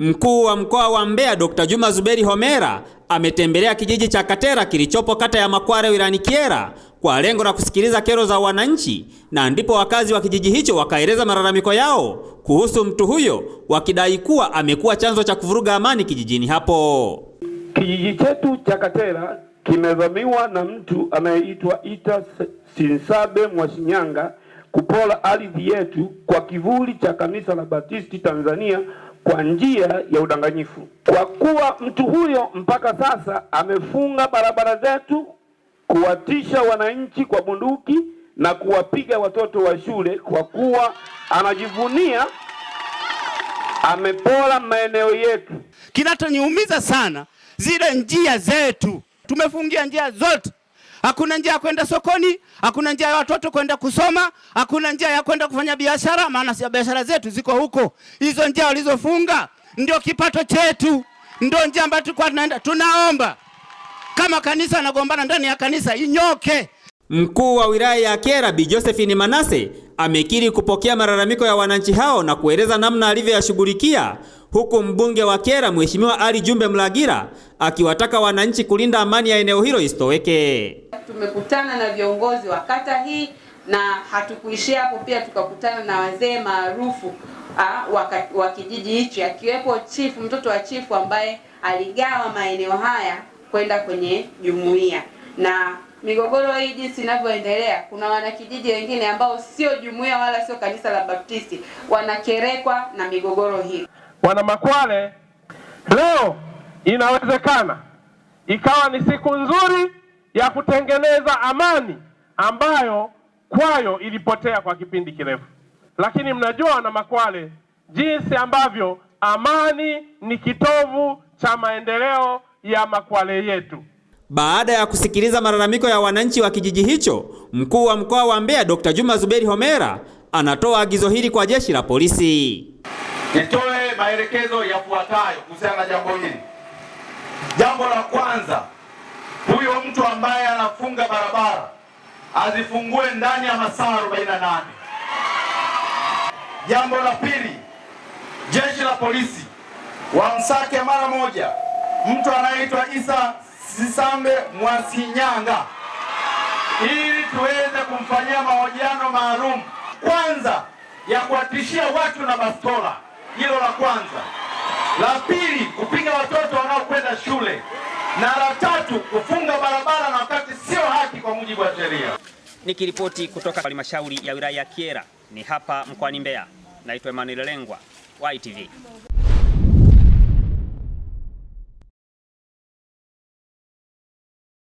Mkuu wa mkoa wa Mbeya Dr. Juma Zuberi Homera ametembelea kijiji cha Katera kilichopo kata ya Makware wilani Kyela kwa lengo la kusikiliza kero za wananchi, na ndipo wakazi wa kijiji hicho wakaeleza malalamiko yao kuhusu mtu huyo, wakidai kuwa amekuwa chanzo cha kuvuruga amani kijijini hapo. Kijiji chetu cha Katera kimevamiwa na mtu anayeitwa Ita Sinsabe Mwashinyanga kupola ardhi yetu kwa kivuli cha kanisa la batisti Tanzania kwa njia ya udanganyifu, kwa kuwa mtu huyo mpaka sasa amefunga barabara zetu, kuwatisha wananchi kwa bunduki na kuwapiga watoto wa shule, kwa kuwa anajivunia amepora maeneo yetu. Kinachoniumiza sana zile njia zetu, tumefungia njia zote hakuna njia ya kwenda sokoni, hakuna njia ya watoto kwenda kusoma, hakuna njia ya kwenda kufanya biashara, maana si biashara zetu ziko huko. Hizo njia walizofunga ndio kipato chetu, ndio njia ambayo tulikuwa tunaenda. Tunaomba kama kanisa anagombana ndani ya kanisa inyoke. Mkuu wa wilaya ya Kyela Bi Josephine Manase amekiri kupokea malalamiko ya wananchi hao na kueleza namna alivyoyashughulikia huku mbunge wa Kyela Mheshimiwa Ali Jumbe Mlagira akiwataka wananchi kulinda amani ya eneo hilo isitoweke. Tumekutana na viongozi wa kata hii na hatukuishia hapo, pia tukakutana na wazee maarufu ah, wa kijiji hicho, akiwepo chifu, mtoto wa chifu ambaye aligawa maeneo haya kwenda kwenye jumuiya na migogoro hii jinsi inavyoendelea, kuna wanakijiji wengine ambao sio jumuiya wala sio kanisa la Baptisti wanakerekwa na migogoro hii wana Makwale, leo inawezekana ikawa ni siku nzuri ya kutengeneza amani ambayo kwayo ilipotea kwa kipindi kirefu. Lakini mnajua wana Makwale jinsi ambavyo amani ni kitovu cha maendeleo ya Makwale yetu. Baada ya kusikiliza malalamiko ya wananchi wa kijiji hicho, mkuu wa mkoa wa Mbeya Dr. Juma Zuberi Homera anatoa agizo hili kwa jeshi la polisi. Nitoe maelekezo yafuatayo kuhusiana na jambo hili. Jambo la kwanza, huyo mtu ambaye anafunga barabara azifungue ndani ya masaa 48. Jambo la pili, jeshi la polisi wamsake mara moja mtu anayeitwa Isa Sisambe Mwasinyanga ili tuweze kumfanyia mahojiano maalum kwanza ya kuwatishia watu na bastola. Hilo la kwanza. La pili, kupiga watoto wanaokwenda shule, na la tatu, kufunga barabara na wakati sio haki kwa mujibu wa sheria. Nikiripoti kutoka halmashauri ya wilaya ya Kyela ni hapa mkoani Mbeya, naitwa Emmanuel Lengwa, YTV.